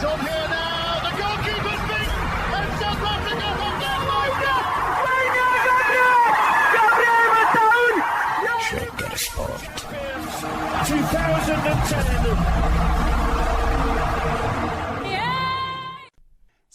It's over here now.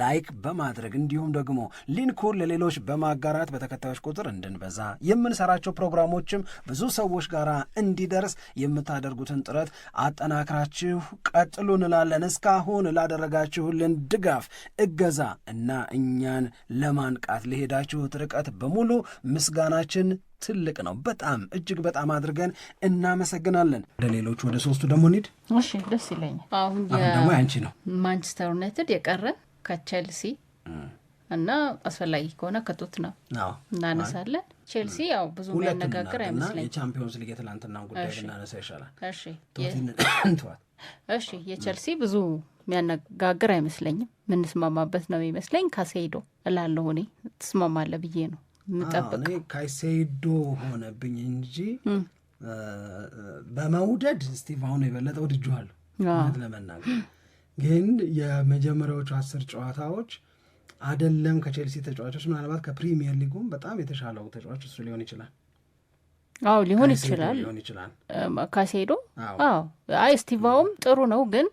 ላይክ በማድረግ እንዲሁም ደግሞ ሊንኩን ለሌሎች በማጋራት በተከታዮች ቁጥር እንድንበዛ የምንሰራቸው ፕሮግራሞችም ብዙ ሰዎች ጋር እንዲደርስ የምታደርጉትን ጥረት አጠናክራችሁ ቀጥሉ እንላለን። እስካሁን ላደረጋችሁልን ድጋፍ፣ እገዛ እና እኛን ለማንቃት ለሄዳችሁት ርቀት በሙሉ ምስጋናችን ትልቅ ነው። በጣም እጅግ በጣም አድርገን እናመሰግናለን። ወደ ሌሎቹ ወደ ሶስቱ ደግሞ እንሂድ። እሺ፣ ደስ ይለኛል። አሁን ደግሞ አንቺ ነው ማንቸስተር ዩናይትድ የቀረ ከቸልሲ እና አስፈላጊ ከሆነ ከቶት ነው እናነሳለን። ቼልሲ ያው ብዙ የሚያነጋግር አይመስለኝም። የቻምፒዮንስ ሊግ የትላንትናን ጉዳይ ብናነሳ ይሻላል። እሺ፣ የቼልሲ ብዙ የሚያነጋግር አይመስለኝም። የምንስማማበት ነው ይመስለኝ ካሴይዶ እላለሁ እኔ። ትስማማለ ብዬ ነው የምጠብቅ። ካሴዶ ሆነብኝ እንጂ በመውደድ ስቲቭ አሁን የበለጠ ወድጄዋለሁ ለመናገር ግን የመጀመሪያዎቹ አስር ጨዋታዎች አደለም ከቼልሲ ተጫዋቾች ምናልባት ከፕሪሚየር ሊጉም በጣም የተሻለው ተጫዋች እሱ ሊሆን ይችላል። አዎ ሊሆን ይችላል ሊሆን ይችላል ካሴዶ። አዎ አይ ስቲቫውም ጥሩ ነው ግን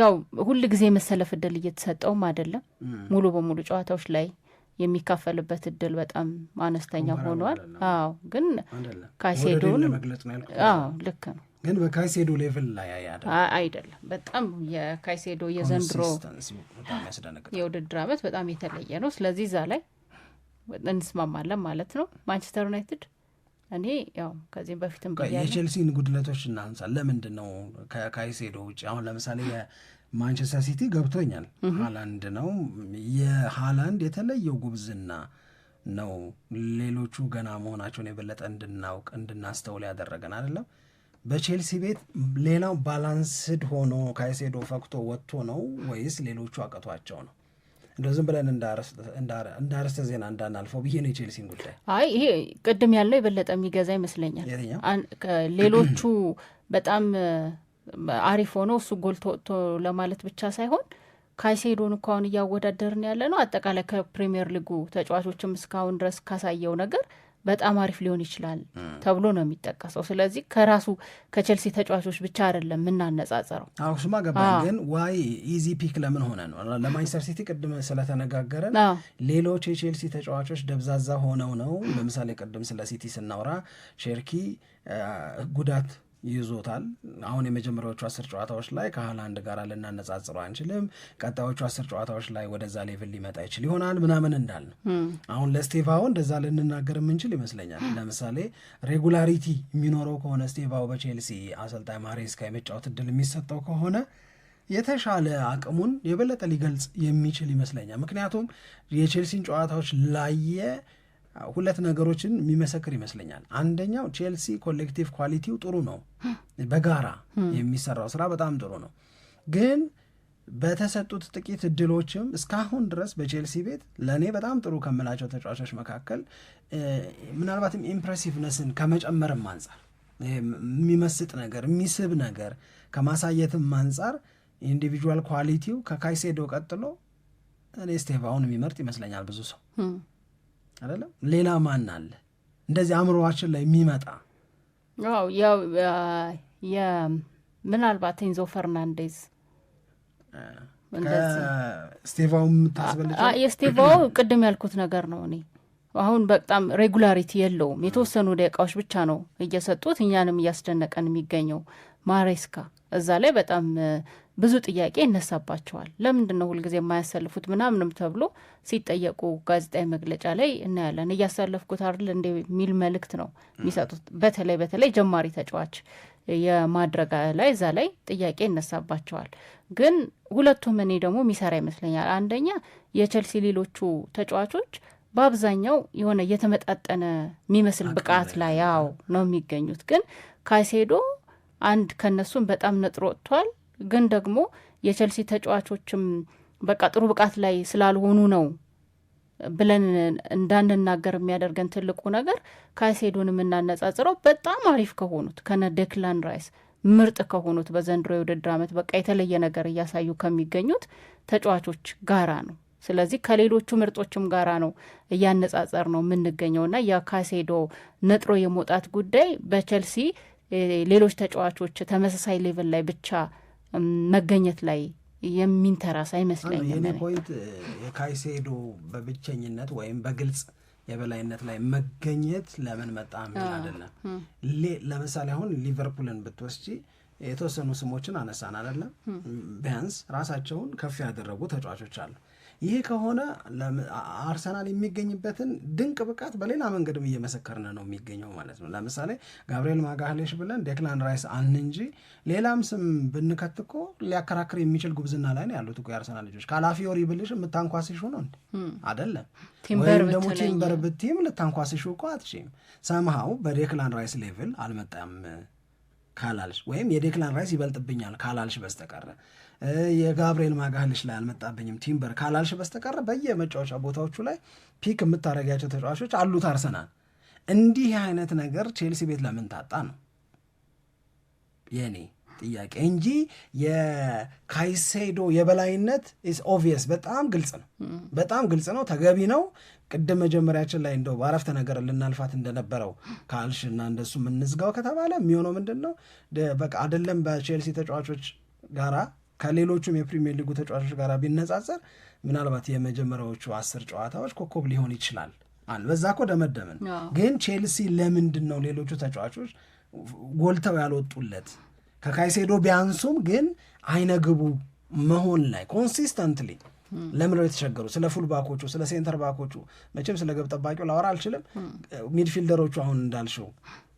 ያው ሁል ጊዜ የመሰለፍ እድል እየተሰጠውም አይደለም። ሙሉ በሙሉ ጨዋታዎች ላይ የሚካፈልበት እድል በጣም አነስተኛ ሆኗል። አዎ ግን ካሴዶን ልክ ነው ግን በካይሴዶ ሌቭል ላይ አይደለም። በጣም የካይሴዶ የዘንድሮ የውድድር ዓመት በጣም የተለየ ነው። ስለዚህ እዛ ላይ እንስማማለን ማለት ነው። ማንቸስተር ዩናይትድ እኔ ያው ከዚህም በፊትም የቼልሲን ጉድለቶች እናንሳ። ለምንድን ነው ከካይሴዶ ውጭ አሁን ለምሳሌ የማንቸስተር ሲቲ ገብቶኛል፣ ሀላንድ ነው። የሀላንድ የተለየው ጉብዝና ነው ሌሎቹ ገና መሆናቸውን የበለጠ እንድናውቅ እንድናስተውል ያደረገን አይደለም በቼልሲ ቤት ሌላው ባላንስድ ሆኖ ካይሴዶ ፈክቶ ወጥቶ ነው ወይስ ሌሎቹ አቀቷቸው ነው? እንደ ዝም ብለን እንዳረስተ ዜና እንዳናልፈው ብዬ ነው የቼልሲን ጉዳይ። አይ ይሄ ቅድም ያለው የበለጠ የሚገዛ ይመስለኛል። ሌሎቹ በጣም አሪፍ ሆኖ እሱ ጎልቶ ወጥቶ ለማለት ብቻ ሳይሆን ካይሴዶን እኮ አሁን እያወዳደርን ያለ ነው አጠቃላይ ከፕሪሚየር ሊጉ ተጫዋቾችም እስካሁን ድረስ ካሳየው ነገር በጣም አሪፍ ሊሆን ይችላል ተብሎ ነው የሚጠቀሰው። ስለዚህ ከራሱ ከቼልሲ ተጫዋቾች ብቻ አይደለም የምናነጻጸረው። አውሱማ ገባ ግን ዋይ ኢዚ ፒክ ለምን ሆነ ነው ለማንቸስተር ሲቲ ቅድም ስለተነጋገረን ሌሎች የቼልሲ ተጫዋቾች ደብዛዛ ሆነው ነው። ለምሳሌ ቅድም ስለ ሲቲ ስናወራ ሼርኪ ጉዳት ይዞታል። አሁን የመጀመሪያዎቹ አስር ጨዋታዎች ላይ ከሃላንድ ጋር ልናነጻጽረው አንችልም፣ ቀጣዮቹ አስር ጨዋታዎች ላይ ወደዛ ሌቭል ሊመጣ ይችል ይሆናል ምናምን እንዳል ነው። አሁን ለስቴቫው እንደዛ ልንናገር የምንችል ይመስለኛል። ለምሳሌ ሬጉላሪቲ የሚኖረው ከሆነ ስቴቫው በቼልሲ አሰልጣኝ ማሬስካ የመጫወት እድል የሚሰጠው ከሆነ የተሻለ አቅሙን የበለጠ ሊገልጽ የሚችል ይመስለኛል። ምክንያቱም የቼልሲን ጨዋታዎች ላየ ሁለት ነገሮችን የሚመሰክር ይመስለኛል። አንደኛው ቼልሲ ኮሌክቲቭ ኳሊቲው ጥሩ ነው፣ በጋራ የሚሰራው ስራ በጣም ጥሩ ነው። ግን በተሰጡት ጥቂት እድሎችም እስካሁን ድረስ በቼልሲ ቤት ለእኔ በጣም ጥሩ ከምላቸው ተጫዋቾች መካከል ምናልባትም ኢምፕሬሲቭነስን ከመጨመርም አንጻር የሚመስጥ ነገር የሚስብ ነገር ከማሳየትም አንጻር ኢንዲቪጁዋል ኳሊቲው ከካይሴዶ ቀጥሎ እኔ ስቴቫውን የሚመርጥ ይመስለኛል ብዙ ሰው አይደለም ሌላ ማን አለ እንደዚህ አእምሮችን ላይ የሚመጣ ምናልባት ኤንዞ ፈርናንዴዝ ስቴቫው የስቴቫው ቅድም ያልኩት ነገር ነው እኔ አሁን በጣም ሬጉላሪቲ የለውም። የተወሰኑ ደቂቃዎች ብቻ ነው እየሰጡት እኛንም እያስደነቀን የሚገኘው ማሬስካ እዛ ላይ በጣም ብዙ ጥያቄ ይነሳባቸዋል። ለምንድን ነው ሁልጊዜ የማያሰልፉት ምናምንም ተብሎ ሲጠየቁ ጋዜጣዊ መግለጫ ላይ እናያለን። እያሳለፍኩት አይደል እንደ የሚል መልእክት ነው የሚሰጡት። በተለይ በተለይ ጀማሪ ተጫዋች የማድረግ ላይ እዛ ላይ ጥያቄ ይነሳባቸዋል። ግን ሁለቱም እኔ ደግሞ የሚሰራ ይመስለኛል። አንደኛ የቼልሲ ሌሎቹ ተጫዋቾች በአብዛኛው የሆነ የተመጣጠነ የሚመስል ብቃት ላይ ያው ነው የሚገኙት። ግን ካይሴዶ አንድ ከነሱም በጣም ነጥሮ ወጥቷል። ግን ደግሞ የቸልሲ ተጫዋቾችም በቃ ጥሩ ብቃት ላይ ስላልሆኑ ነው ብለን እንዳንናገር የሚያደርገን ትልቁ ነገር ካይሴዶን የምናነጻጽረው በጣም አሪፍ ከሆኑት ከነ ዴክላን ራይስ ምርጥ ከሆኑት በዘንድሮ የውድድር ዓመት በቃ የተለየ ነገር እያሳዩ ከሚገኙት ተጫዋቾች ጋራ ነው። ስለዚህ ከሌሎቹ ምርጦችም ጋራ ነው እያነጻጸር ነው ና የካይሴዶ ነጥሮ የመውጣት ጉዳይ በቸልሲ ሌሎች ተጫዋቾች ተመሳሳይ ሌቭል ላይ ብቻ መገኘት ላይ የሚንተራስ አይመስለኝም። ፖይንት የካይሴዶ በብቸኝነት ወይም በግልጽ የበላይነት ላይ መገኘት ለምን መጣ ሚል አይደለም። ለምሳሌ አሁን ሊቨርፑልን ብትወስጂ የተወሰኑ ስሞችን አነሳን አይደለም። ቢያንስ ራሳቸውን ከፍ ያደረጉ ተጫዋቾች አሉ። ይሄ ከሆነ አርሰናል የሚገኝበትን ድንቅ ብቃት በሌላ መንገድም እየመሰከርን ነው የሚገኘው ማለት ነው። ለምሳሌ ጋብርኤል ማጋህሌሽ ብለን ዴክላን ራይስ አን እንጂ ሌላም ስም ብንከት እኮ ሊያከራክር የሚችል ጉብዝና ላይ ነው ያሉት እኮ የአርሰናል ልጆች። ካላፊዮሪ ብልሽ የምታንኳስሹ ነው እንዴ? አደለም። ወይም ደግሞ ቲምበር ብትም ልታንኳስሹ እኮ አትችም። ሰምሃው በዴክላን ራይስ ሌቭል አልመጣም ካላልሽ ወይም የዴክላን ራይስ ይበልጥብኛል ካላልሽ በስተቀረ የጋብርኤል ማጋልሽ ላይ አልመጣብኝም ቲምበር ካላልሽ በስተቀር በየመጫወቻ ቦታዎቹ ላይ ፒክ የምታደርጊያቸው ተጫዋቾች አሉት አርሰናል። እንዲህ አይነት ነገር ቼልሲ ቤት ለምን ታጣ ነው የኔ ጥያቄ እንጂ የካይሴዶ የበላይነት ኢስ ኦብቪየስ በጣም ግልጽ ነው፣ በጣም ግልጽ ነው፣ ተገቢ ነው። ቅድም መጀመሪያችን ላይ እንደው በአረፍተ ነገር ልናልፋት እንደነበረው ካልሽ እና እንደሱ የምንዝጋው ከተባለ የሚሆነው ምንድን ነው በቃ አይደለም በቼልሲ ተጫዋቾች ጋራ ከሌሎቹም የፕሪሚየር ሊጉ ተጫዋቾች ጋር ቢነጻጸር ምናልባት የመጀመሪያዎቹ አስር ጨዋታዎች ኮከብ ሊሆን ይችላል አለ። በዛ እኮ ደመደምን። ግን ቼልሲ ለምንድን ነው ሌሎቹ ተጫዋቾች ጎልተው ያልወጡለት? ከካይሴዶ ቢያንሱም ግን አይነግቡ መሆን ላይ ኮንሲስተንትሊ ለምን ነው የተቸገሩ? ስለ ፉል ባኮቹ፣ ስለ ሴንተር ባኮቹ መቼም ስለ ግብ ጠባቂው ላወራ አልችልም። ሚድፊልደሮቹ አሁን እንዳልሽው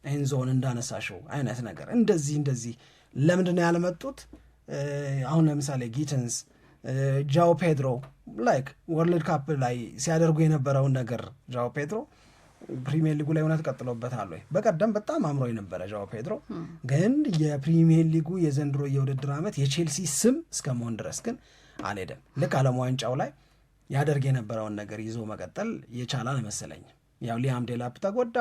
ይህን ዞን እንዳነሳሽው አይነት ነገር እንደዚህ እንደዚህ ለምንድን ነው ያልመጡት? አሁን ለምሳሌ ጊትንስ፣ ጃው ፔድሮ ላይክ ወርልድ ካፕ ላይ ሲያደርጉ የነበረውን ነገር ጃው ፔድሮ ፕሪሚየር ሊጉ ላይ እውነት ቀጥሎበታል ወይ? በቀደም በጣም አምሮ የነበረ ጃው ፔድሮ ግን የፕሪሚየር ሊጉ የዘንድሮ የውድድር ዓመት የቼልሲ ስም እስከ መሆን ድረስ ግን አልሄደም። ልክ ዓለም ዋንጫው ላይ ያደርግ የነበረውን ነገር ይዞ መቀጠል የቻለ አልመሰለኝም። ያው ሊያም ዴላፕ ተጎዳ፣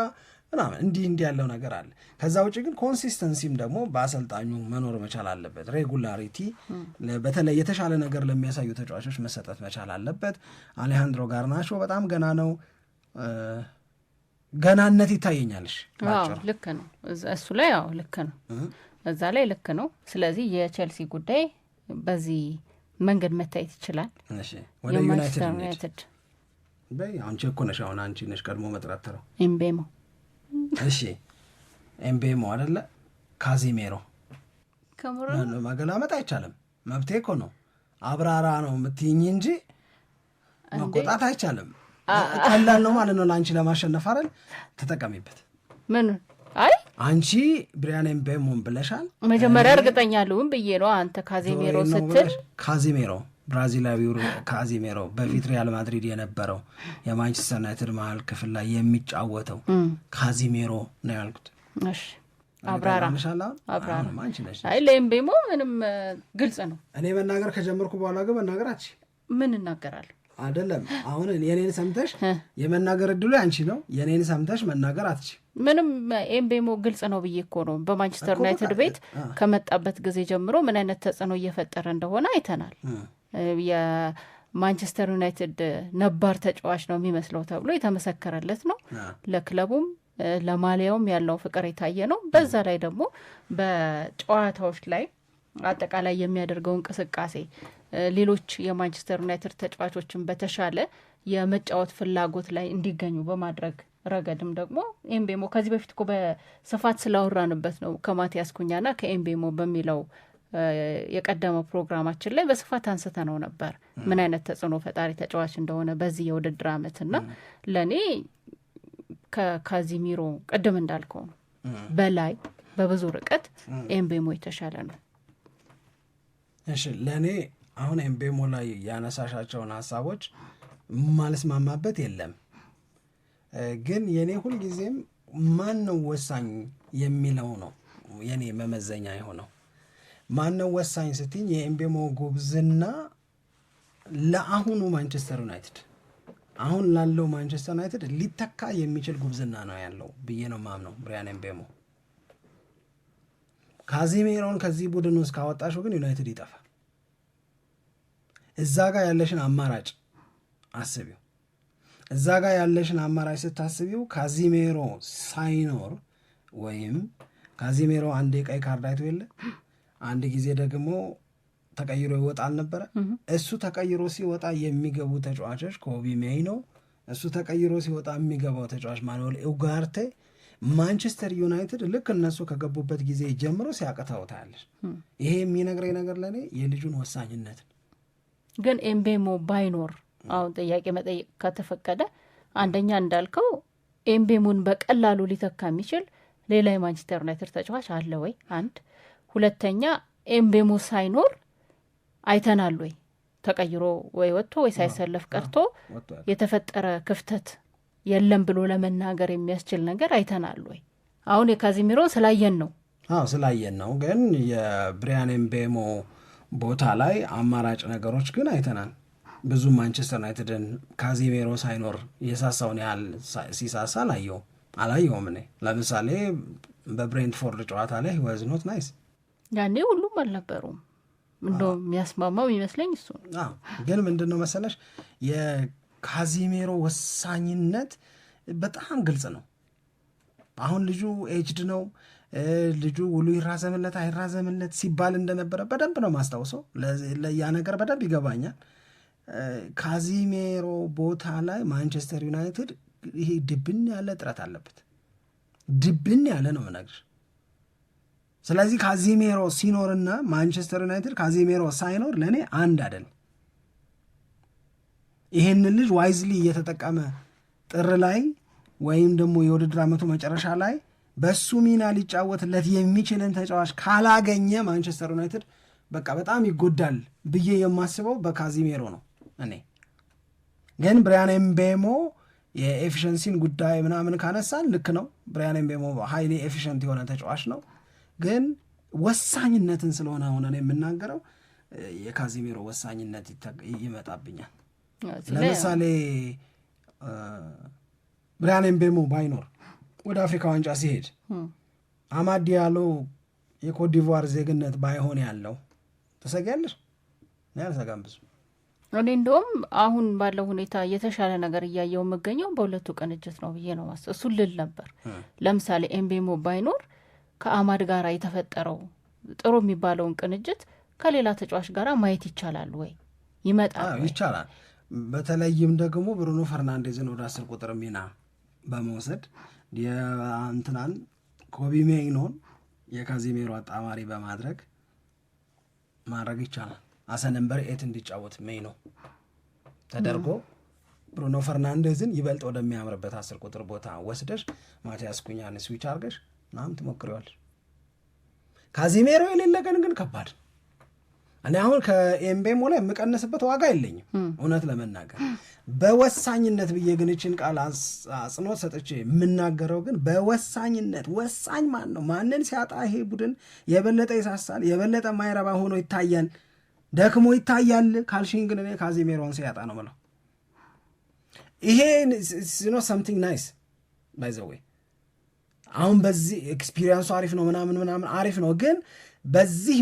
ምናምን እንዲህ እንዲህ ያለው ነገር አለ። ከዛ ውጭ ግን ኮንሲስተንሲም ደግሞ በአሰልጣኙ መኖር መቻል አለበት። ሬጉላሪቲ በተለይ የተሻለ ነገር ለሚያሳዩ ተጫዋቾች መሰጠት መቻል አለበት። አሌሃንድሮ ጋርናቾ በጣም ገና ነው። ገናነት ይታየኛልሽ። ልክ ነው እሱ ላይ ያው ልክ ነው እዛ ላይ ልክ ነው። ስለዚህ የቼልሲ ጉዳይ በዚህ መንገድ መታየት ይችላል። ወደ ዩናይትድ በይ አንቺ እኮ ነሽ አሁን አንቺ ነሽ ቀድሞ መጥራት ተረው ኤምቤሞ እሺ ኤምቤሞ አደለ ካዚሜሮ ማገላመጥ አይቻልም። መብቴ እኮ ነው። አብራራ ነው የምትይኝ እንጂ መቆጣት አይቻልም። ቀላል ነው ማለት ነው ለአንቺ ለማሸነፍ አይደል? ተጠቀሚበት። ምን አይ አንቺ ብሪያን ኤምቤሞን ብለሻል። መጀመሪያ እርግጠኛ ልሁን ብዬ ነው አንተ ካዚሜሮ ስትል ካዚሜሮ ብራዚላዊው ካዚሜሮ በፊት ሪያል ማድሪድ የነበረው የማንቸስተር ዩናይትድ መሀል ክፍል ላይ የሚጫወተው ካዚሜሮ ነው ያልኩት። አብራራ ለኤምቤሞ ምንም ግልጽ ነው። እኔ መናገር ከጀመርኩ በኋላ ግን መናገራች ምን እናገራል? አይደለም። አሁን የኔን ሰምተሽ የመናገር እድሉ አንቺ ነው። የኔን ሰምተሽ መናገር አትች ምንም ኤምቤሞ ግልጽ ነው ብዬ እኮ ነው። በማንቸስተር ዩናይትድ ቤት ከመጣበት ጊዜ ጀምሮ ምን አይነት ተጽዕኖ እየፈጠረ እንደሆነ አይተናል። የማንቸስተር ዩናይትድ ነባር ተጫዋች ነው የሚመስለው ተብሎ የተመሰከረለት ነው። ለክለቡም ለማሊያውም ያለው ፍቅር የታየ ነው። በዛ ላይ ደግሞ በጨዋታዎች ላይ አጠቃላይ የሚያደርገው እንቅስቃሴ ሌሎች የማንቸስተር ዩናይትድ ተጫዋቾችን በተሻለ የመጫወት ፍላጎት ላይ እንዲገኙ በማድረግ ረገድም ደግሞ ኤምቤሞ ከዚህ በፊት እኮ በስፋት ስላወራንበት ነው ከማቲያስ ኩኛና ከኤምቤሞ በሚለው የቀደመው ፕሮግራማችን ላይ በስፋት አንስተ ነው ነበር ምን አይነት ተጽዕኖ ፈጣሪ ተጫዋች እንደሆነ በዚህ የውድድር አመት እና ለእኔ ከካዚሚሮ ቅድም እንዳልከው ነው በላይ በብዙ ርቀት ኤምቤሞ የተሻለ ነው። እሺ ለእኔ አሁን ኤምቤሞ ላይ ያነሳሻቸውን ሀሳቦች ማልስማማበት የለም፣ ግን የእኔ ሁልጊዜም ማን ነው ወሳኝ የሚለው ነው የእኔ መመዘኛ የሆነው ማነው ወሳኝ ስትኝ የኤምቤሞ ጉብዝና ለአሁኑ ማንቸስተር ዩናይትድ አሁን ላለው ማንቸስተር ዩናይትድ ሊተካ የሚችል ጉብዝና ነው ያለው ብዬ ነው ማምነው። ብሪያን ኤምቤሞ ካዚሜሮን ከዚህ ቡድን ውስጥ ካወጣሽው ግን ዩናይትድ ይጠፋል። እዛ ጋር ያለሽን አማራጭ አስቢው። እዛ ጋር ያለሽን አማራጭ ስታስቢው ካዚሜሮ ሳይኖር ወይም ካዚሜሮ አንዴ ቀይ ካርድ አይቶ የለ አንድ ጊዜ ደግሞ ተቀይሮ ይወጣ አልነበረ? እሱ ተቀይሮ ሲወጣ የሚገቡ ተጫዋቾች ኮቢ ሜይኖ እሱ ተቀይሮ ሲወጣ የሚገባው ተጫዋች ማኑኤል ኡጋርቴ ማንቸስተር ዩናይትድ ልክ እነሱ ከገቡበት ጊዜ ጀምሮ ሲያቅተውታለች። ይሄ የሚነግረኝ ነገር ለእኔ የልጁን ወሳኝነት ግን ኤምቤሞ ባይኖር አሁን ጥያቄ መጠየቅ ከተፈቀደ አንደኛ እንዳልከው ኤምቤሙን በቀላሉ ሊተካ የሚችል ሌላ የማንቸስተር ዩናይትድ ተጫዋች አለ ወይ? አንድ ሁለተኛ ኤምቤሞ ሳይኖር አይተናል ወይ ተቀይሮ ወይ ወጥቶ ወይ ሳይሰለፍ ቀርቶ የተፈጠረ ክፍተት የለም ብሎ ለመናገር የሚያስችል ነገር አይተናል ወይ? አሁን የካዚሚሮን ስላየን ነው ስላየን ነው። ግን የብሪያን ኤምቤሞ ቦታ ላይ አማራጭ ነገሮች ግን አይተናል። ብዙ ማንቸስተር ዩናይትድን ካዚሜሮ ሳይኖር የሳሳውን ያህል ሲሳሳ አላየውም አላየውም። እኔ ለምሳሌ በብሬንትፎርድ ጨዋታ ላይ ወዝ ናይስ ያኔ ሁሉም አልነበሩም። እንደውም የሚያስማማው ይመስለኝ እሱ ግን ምንድን ነው መሰለሽ የካዚሜሮ ወሳኝነት በጣም ግልጽ ነው። አሁን ልጁ ኤጅድ ነው ልጁ ውሉ ይራዘምለት አይራዘምለት ሲባል እንደነበረ በደንብ ነው ማስታውሰው። ለያ ነገር በደንብ ይገባኛል። ካዚሜሮ ቦታ ላይ ማንቸስተር ዩናይትድ ይሄ ድብን ያለ ጥረት አለበት። ድብን ያለ ነው የምነግርሽ ስለዚህ ካዚሜሮ ሲኖርና ማንቸስተር ዩናይትድ ካዚሜሮ ሳይኖር ለእኔ አንድ አይደል። ይህንን ልጅ ዋይዝሊ እየተጠቀመ ጥር ላይ ወይም ደግሞ የውድድር ዓመቱ መጨረሻ ላይ በሱ ሚና ሊጫወትለት የሚችልን ተጫዋች ካላገኘ ማንቸስተር ዩናይትድ በቃ በጣም ይጎዳል ብዬ የማስበው በካዚሜሮ ነው። እኔ ግን ብሪያን ኤምቤሞ የኤፊሽንሲን ጉዳይ ምናምን ካነሳን ልክ ነው። ብሪያን ኤምቤሞ ሀይሌ ኤፊሽንት የሆነ ተጫዋች ነው። ግን ወሳኝነትን ስለሆነ አሁን እኔ የምናገረው የካዚሚሮ ወሳኝነት ይመጣብኛል። ለምሳሌ ብሪያን ኤምቤሞ ባይኖር ወደ አፍሪካ ዋንጫ ሲሄድ አማድ ዲያሎ የኮትዲቯር ዜግነት ባይሆን ያለው ተሰጊያለሽ? ያልሰጋም ብዙ እኔ እንደውም አሁን ባለው ሁኔታ የተሻለ ነገር እያየው የምገኘው በሁለቱ ቅንጅት ነው ብዬ ነው ማስ እሱ ልል ነበር። ለምሳሌ ኤምቤሞ ባይኖር ከአማድ ጋር የተፈጠረው ጥሩ የሚባለውን ቅንጅት ከሌላ ተጫዋች ጋር ማየት ይቻላል ወይ? ይመጣል ይቻላል። በተለይም ደግሞ ብሩኖ ፈርናንዴዝን ወደ አስር ቁጥር ሚና በመውሰድ የአንትናን ኮቢ ሜይኖን የካዚሜሮ አጣማሪ በማድረግ ማድረግ ይቻላል። አሰነንበር ኤት እንዲጫወት ሜይኖ ተደርጎ ብሩኖ ፈርናንዴዝን ይበልጥ ወደሚያምርበት አስር ቁጥር ቦታ ወስደሽ ማቲያስ ኩኛን ስዊች አርገሽ ምናምን ትሞክረዋል። ካዚሜሮ የሌለ ቀን ግን ከባድ ነው። እኔ አሁን ከኤምቤሞ ላይ የምቀንስበት ዋጋ የለኝም እውነት ለመናገር በወሳኝነት ብዬ ግን ቃል አጽንኦት ሰጥቼ የምናገረው ግን በወሳኝነት ወሳኝ ማን ነው? ማንን ሲያጣ ይሄ ቡድን የበለጠ ይሳሳል፣ የበለጠ ማይረባ ሆኖ ይታያል፣ ደክሞ ይታያል ካልሽኝ ግን እኔ ካዚሜሮን ሲያጣ ነው ምለው ይሄ ሲኖ ሰምቲንግ ናይስ ባይ ዘ ዌይ አሁን በዚህ ኤክስፒሪየንሱ አሪፍ ነው ምናምን ምናምን አሪፍ ነው፣ ግን በዚህ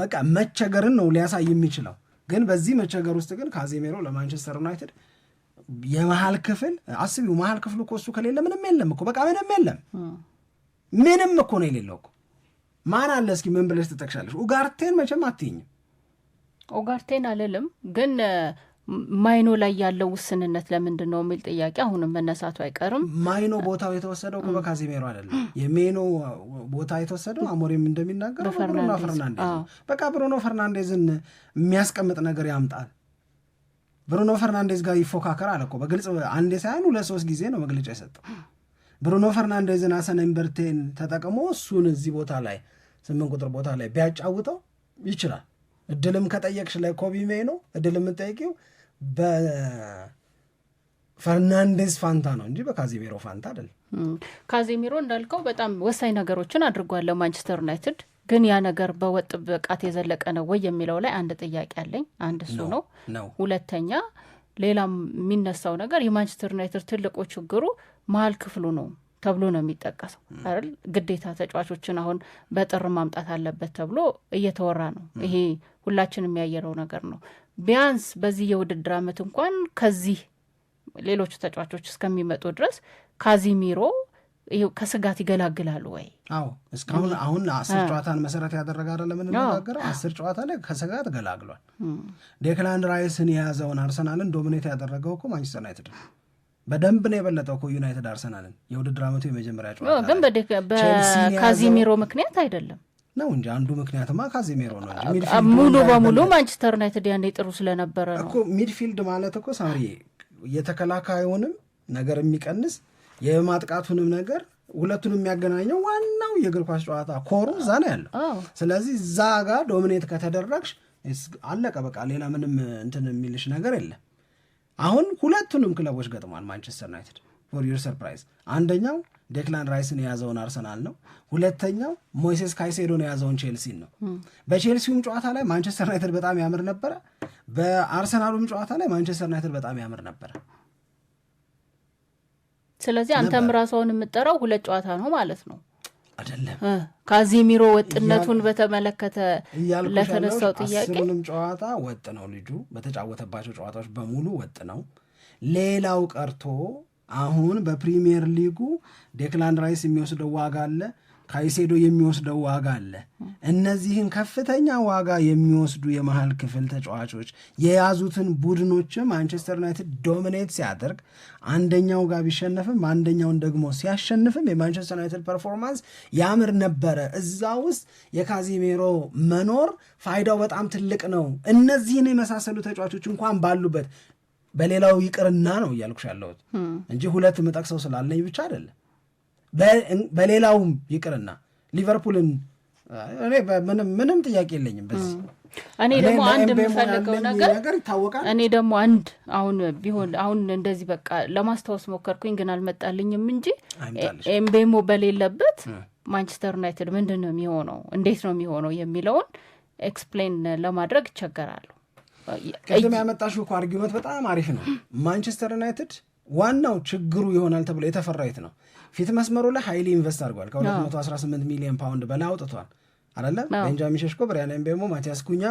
በቃ መቸገርን ነው ሊያሳይ የሚችለው። ግን በዚህ መቸገር ውስጥ ግን ካዜሜሮ ለማንቸስተር ዩናይትድ የመሀል ክፍል አስቢው፣ መሀል ክፍሉ እኮ እሱ ከሌለ ምንም የለም እኮ በቃ ምንም የለም። ምንም እኮ ነው የሌለው እኮ። ማን አለ እስኪ ምን ብለሽ ትጠቅሻለሽ? ኡጋርቴን መቼም አትይኝም። ኡጋርቴን አልልም ግን ማይኖ ላይ ያለው ውስንነት ለምንድን ነው የሚል ጥያቄ አሁንም መነሳቱ አይቀርም። ማይኖ ቦታው የተወሰደው እኮ በካዚሜሮ አይደለም። የሜኖ ቦታ የተወሰደው አሞሪም እንደሚናገር ብሩኖ ፈርናንዴዝ በቃ ብሩኖ ፈርናንዴዝን የሚያስቀምጥ ነገር ያምጣል። ብሩኖ ፈርናንዴዝ ጋር ይፎካከር አለ እኮ በግልጽ አንዴ ሳይሆን ሁለት ሶስት ጊዜ ነው መግለጫ የሰጠው። ብሩኖ ፈርናንዴዝን አሰን ኤምበርቴን ተጠቅሞ እሱን እዚህ ቦታ ላይ ስምንት ቁጥር ቦታ ላይ ቢያጫውተው ይችላል። እድልም ከጠየቅሽ ላይ ሜኖ እድል የምትጠይቂው በፈርናንዴዝ ፋንታ ነው እንጂ በካዜሜሮ ፋንታ አይደለም። ካዜሜሮ እንዳልከው በጣም ወሳኝ ነገሮችን አድርጓል ለማንቸስተር ዩናይትድ። ግን ያ ነገር በወጥ ብቃት የዘለቀ ነው ወይ የሚለው ላይ አንድ ጥያቄ አለኝ። አንድ እሱ ነው። ሁለተኛ ሌላም የሚነሳው ነገር የማንቸስተር ዩናይትድ ትልቁ ችግሩ መሀል ክፍሉ ነው። ተብሎ ነው የሚጠቀሰው አይደል? ግዴታ ተጫዋቾችን አሁን በጥር ማምጣት አለበት ተብሎ እየተወራ ነው። ይሄ ሁላችን የሚያየረው ነገር ነው። ቢያንስ በዚህ የውድድር አመት እንኳን ከዚህ ሌሎቹ ተጫዋቾች እስከሚመጡ ድረስ ካዚሚሮ ከስጋት ይገላግላሉ ወይ? አዎ እስካሁን አሁን አስር ጨዋታን መሰረት ያደረገ አለ ለምንነጋገረ አስር ጨዋታ ላይ ከስጋት ገላግሏል። ዴክላን ራይስን የያዘውን አርሰናልን ዶሚኔት ያደረገው እኮ ማንቸስተር ዩናይትድ ነው። በደንብ ነው የበለጠው እኮ ዩናይትድ አርሰናልን የውድድር አመቱ የመጀመሪያ ጨዋታ ግን በካዚሚሮ ምክንያት አይደለም ነው እንጂ አንዱ ምክንያትማ ካዚሜሮ ነው እንጂ ሙሉ በሙሉ ማንቸስተር ዩናይትድ ያኔ ጥሩ ስለነበረ ነው እኮ። ሚድፊልድ ማለት እኮ ሳሪ የተከላካዩንም ነገር የሚቀንስ የማጥቃቱንም ነገር ሁለቱን የሚያገናኘው ዋናው የእግር ኳስ ጨዋታ ኮሩ እዛ ነው ያለው። ስለዚህ እዛ ጋር ዶሚኔት ከተደረግሽ አለቀ በቃ ሌላ ምንም እንትን የሚልሽ ነገር የለም። አሁን ሁለቱንም ክለቦች ገጥሟል ማንቸስተር ዩናይትድ ፎር ዩር ሰርፕራይዝ አንደኛው ዴክላን ራይስን የያዘውን አርሰናል ነው። ሁለተኛው ሞይሴስ ካይሴዶን የያዘውን ቼልሲን ነው። በቼልሲውም ጨዋታ ላይ ማንቸስተር ዩናይትድ በጣም ያምር ነበረ። በአርሰናሉም ጨዋታ ላይ ማንቸስተር ዩናይትድ በጣም ያምር ነበረ። ስለዚህ አንተም ራስዎን የምጠራው ሁለት ጨዋታ ነው ማለት ነው። አይደለም ካዚሚሮ ወጥነቱን በተመለከተ ለተነሳው ጥያቄ አስሩንም ጨዋታ ወጥ ነው ልጁ በተጫወተባቸው ጨዋታዎች በሙሉ ወጥ ነው። ሌላው ቀርቶ አሁን በፕሪሚየር ሊጉ ዴክላንድ ራይስ የሚወስደው ዋጋ አለ። ካይሴዶ የሚወስደው ዋጋ አለ። እነዚህን ከፍተኛ ዋጋ የሚወስዱ የመሀል ክፍል ተጫዋቾች የያዙትን ቡድኖች ማንቸስተር ዩናይትድ ዶሚኔት ሲያደርግ አንደኛው ጋር ቢሸነፍም አንደኛውን ደግሞ ሲያሸንፍም የማንቸስተር ዩናይትድ ፐርፎርማንስ ያምር ነበረ። እዛ ውስጥ የካዚሜሮ መኖር ፋይዳው በጣም ትልቅ ነው። እነዚህን የመሳሰሉ ተጫዋቾች እንኳን ባሉበት በሌላው ይቅርና ነው እያልኩሽ ያለሁት እንጂ ሁለት የምጠቅሰው ስላለኝ ብቻ አይደለም። በሌላውም ይቅርና ሊቨርፑልን እኔ ምንም ጥያቄ የለኝም በዚህ እኔ ደግሞ አንድ የምፈልገው ነገር እኔ ደግሞ አንድ አሁን ቢሆን አሁን እንደዚህ በቃ ለማስታወስ ሞከርኩኝ፣ ግን አልመጣልኝም እንጂ ኤምቤሞ በሌለበት ማንቸስተር ዩናይትድ ምንድን ነው የሚሆነው፣ እንዴት ነው የሚሆነው የሚለውን ኤክስፕሌን ለማድረግ ይቸገራሉ። ቅድም ያመጣሽው እኮ አርጊመንት በጣም አሪፍ ነው። ማንቸስተር ዩናይትድ ዋናው ችግሩ ይሆናል ተብሎ የተፈራው የት ነው? ፊት መስመሩ ላይ ሀይሊ ኢንቨስት አድርጓል። ከ218 ሚሊዮን ፓውንድ በላይ አውጥቷል አለ ቤንጃሚን ሸሽኮ፣ ብሪያን ምቤሞ፣ ማቲያስ ኩኛ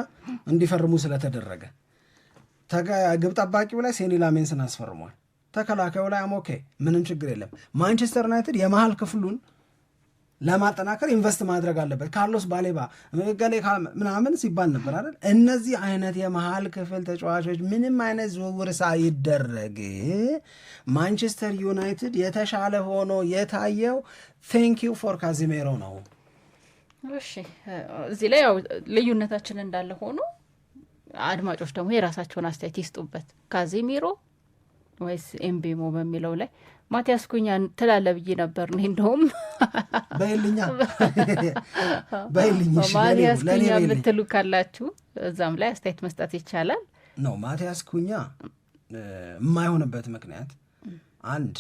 እንዲፈርሙ ስለተደረገ ግብ ጠባቂው ላይ ሴኒ ላሜንስን አስፈርሟል። ተከላካዩ ላይ አሞኬ ምንም ችግር የለም። ማንቸስተር ዩናይትድ የመሀል ክፍሉን ለማጠናከር ኢንቨስት ማድረግ አለበት። ካርሎስ ባሌባ ምናምን ሲባል ነበር አይደል? እነዚህ አይነት የመሃል ክፍል ተጫዋቾች ምንም አይነት ዝውውር ሳይደረግ ማንቸስተር ዩናይትድ የተሻለ ሆኖ የታየው ቴንክ ዩ ፎር ካዚሜሮ ነው። እሺ እዚህ ላይ ያው ልዩነታችን እንዳለ ሆኖ አድማጮች ደግሞ የራሳቸውን አስተያየት ይስጡበት። ካዚሜሮ ወይስ ኤምቤሞ በሚለው ላይ ማቲያስ ኩኛ ትላለ ብዬ ነበር። እኔ እንደውም በይልኛ በይልኝ ማቲያስ ኩኛ የምትሉ ካላችሁ እዛም ላይ አስተያየት መስጠት ይቻላል። ነው ማቲያስ ኩኛ የማይሆንበት ምክንያት አንድ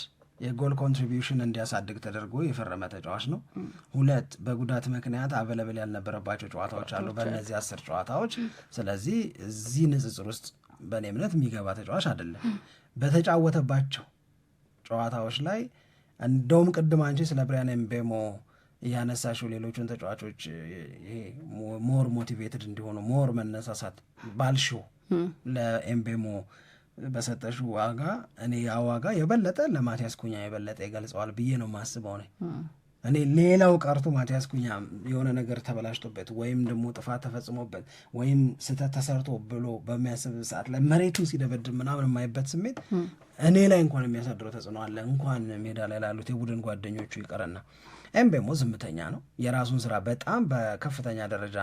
የጎል ኮንትሪቢሽን እንዲያሳድግ ተደርጎ የፈረመ ተጫዋች ነው። ሁለት በጉዳት ምክንያት አበለብል ያልነበረባቸው ጨዋታዎች አሉ በእነዚህ አስር ጨዋታዎች። ስለዚህ እዚህ ንጽጽር ውስጥ በእኔ እምነት የሚገባ ተጫዋች አይደለም። በተጫወተባቸው ጨዋታዎች ላይ እንደውም ቅድም አንቺ ስለ ብሪያን ኤምቤሞ እያነሳሽው ሌሎቹን ተጫዋቾች ሞር ሞቲቬትድ እንዲሆኑ ሞር መነሳሳት ባልሽው ለኤምቤሞ በሰጠሹ ዋጋ እኔ ያ ዋጋ የበለጠ ለማቲያስ ኩኛ የበለጠ ይገልጸዋል ብዬ ነው ማስበው ነ እኔ ሌላው ቀርቶ ማቲያስ ኩኛ የሆነ ነገር ተበላሽቶበት ወይም ደግሞ ጥፋት ተፈጽሞበት ወይም ስህተት ተሰርቶ ብሎ በሚያስብ ሰዓት ላይ መሬቱን ሲደበድብ ምናምን የማይበት ስሜት እኔ ላይ እንኳን የሚያሳድረው ተጽዕኖ አለ። እንኳን ሜዳ ላይ ላሉት የቡድን ጓደኞቹ ይቀርና ኤምቤሞ ዝምተኛ ነው። የራሱን ስራ በጣም በከፍተኛ ደረጃ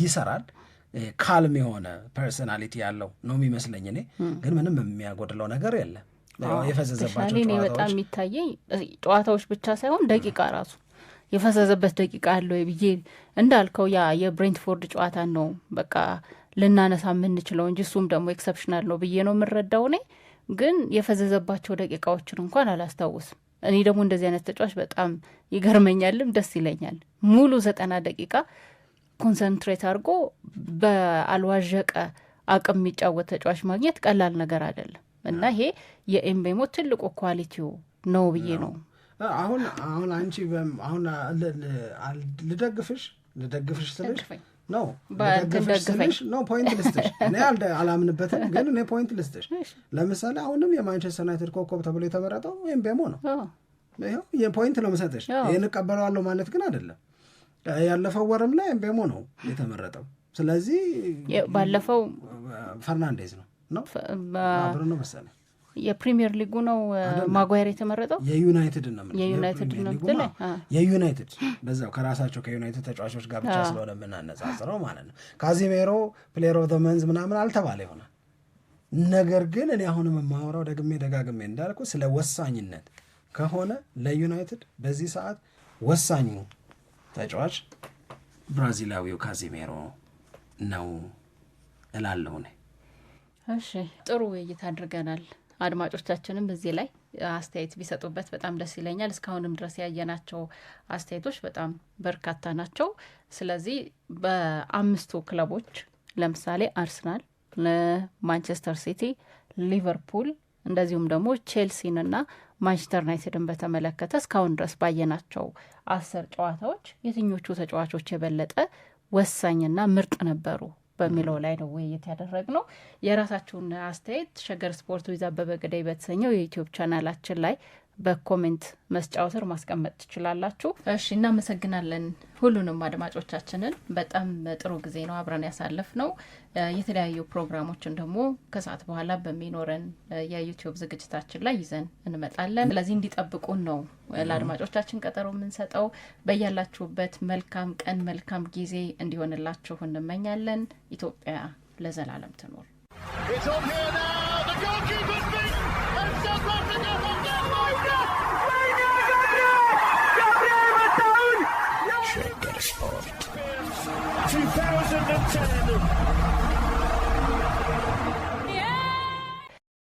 ይሰራል። ካልም የሆነ ፐርሶናሊቲ ያለው ነው የሚመስለኝ። እኔ ግን ምንም የሚያጎድለው ነገር የለም። የፈዘዘባቸው በጣም የሚታየኝ ጨዋታዎች ብቻ ሳይሆን ደቂቃ ራሱ የፈዘዘበት ደቂቃ ያለው ብዬ እንዳልከው ያ የብሬንትፎርድ ጨዋታን ነው በቃ ልናነሳ የምንችለው እንጂ እሱም ደግሞ ኤክሰፕሽናል ነው ብዬ ነው የምረዳው። እኔ ግን የፈዘዘባቸው ደቂቃዎችን እንኳን አላስታውስም። እኔ ደግሞ እንደዚህ አይነት ተጫዋች በጣም ይገርመኛልም ደስ ይለኛል። ሙሉ ዘጠና ደቂቃ ኮንሰንትሬት አድርጎ በአልዋዠቀ አቅም የሚጫወት ተጫዋች ማግኘት ቀላል ነገር አይደለም። እና ይሄ የኤምቤሞ ትልቁ ኳሊቲው ነው ብዬ ነው። አሁን አሁን አንቺ አሁን ልደግፍሽ ልደግፍሽ ስልሽ ነው ልደግፍሽ ነው ፖይንት ልስጥሽ እኔ አላምንበትም፣ ግን እኔ ፖይንት ልስጥሽ። ለምሳሌ አሁንም የማንቸስተር ዩናይትድ ኮከብ ተብሎ የተመረጠው ኤምቤሞ ነው። ይኸው የፖይንት ነው ምሰጥሽ ይህን እቀበለዋለሁ ማለት ግን አይደለም። ያለፈው ወርም ላይ ኤምቤሞ ነው የተመረጠው። ስለዚህ ባለፈው ፈርናንዴዝ ነው ነው ነው መሰለኝ የፕሪሚየር ሊጉ ነው ማጓየር የተመረጠው የዩናይትድ ነው የዩናይትድ በዛው ከራሳቸው ከዩናይትድ ተጫዋቾች ጋር ብቻ ስለሆነ የምናነጻጽረው ማለት ነው። ካዚሜሮ ፕሌየር ኦፍ ዘ መንዝ ምናምን አልተባለ ይሆናል። ነገር ግን እኔ አሁንም የማወራው ደግሜ ደጋግሜ እንዳልኩ ስለ ወሳኝነት ከሆነ ለዩናይትድ በዚህ ሰዓት ወሳኙ ተጫዋች ብራዚላዊው ካዚሜሮ ነው እላለሁ። እሺ ጥሩ ውይይት አድርገናል። አድማጮቻችንም እዚህ ላይ አስተያየት ቢሰጡበት በጣም ደስ ይለኛል። እስካሁንም ድረስ ያየናቸው አስተያየቶች በጣም በርካታ ናቸው። ስለዚህ በአምስቱ ክለቦች ለምሳሌ አርሰናል፣ ማንቸስተር ሲቲ፣ ሊቨርፑል እንደዚሁም ደግሞ ቼልሲንና ማንቸስተር ዩናይትድን በተመለከተ እስካሁን ድረስ ባየናቸው አስር ጨዋታዎች የትኞቹ ተጫዋቾች የበለጠ ወሳኝና ምርጥ ነበሩ በሚለው ላይ ነው ውይይት ያደረግነው። የራሳችሁን አስተያየት ሸገር ስፖርት ዊዝ አበበ ገዳይ በተሰኘው የዩቲዩብ ቻናላችን ላይ በኮሜንት መስጫው ስር ማስቀመጥ ትችላላችሁ። እሺ እናመሰግናለን ሁሉንም አድማጮቻችንን። በጣም ጥሩ ጊዜ ነው አብረን ያሳለፍ ነው። የተለያዩ ፕሮግራሞችን ደግሞ ከሰዓት በኋላ በሚኖረን የዩቲዩብ ዝግጅታችን ላይ ይዘን እንመጣለን። ስለዚህ እንዲጠብቁን ነው ለአድማጮቻችን ቀጠሮ የምንሰጠው። በያላችሁበት መልካም ቀን መልካም ጊዜ እንዲሆንላችሁ እንመኛለን። ኢትዮጵያ ለዘላለም ትኖር። Motorsport. 2010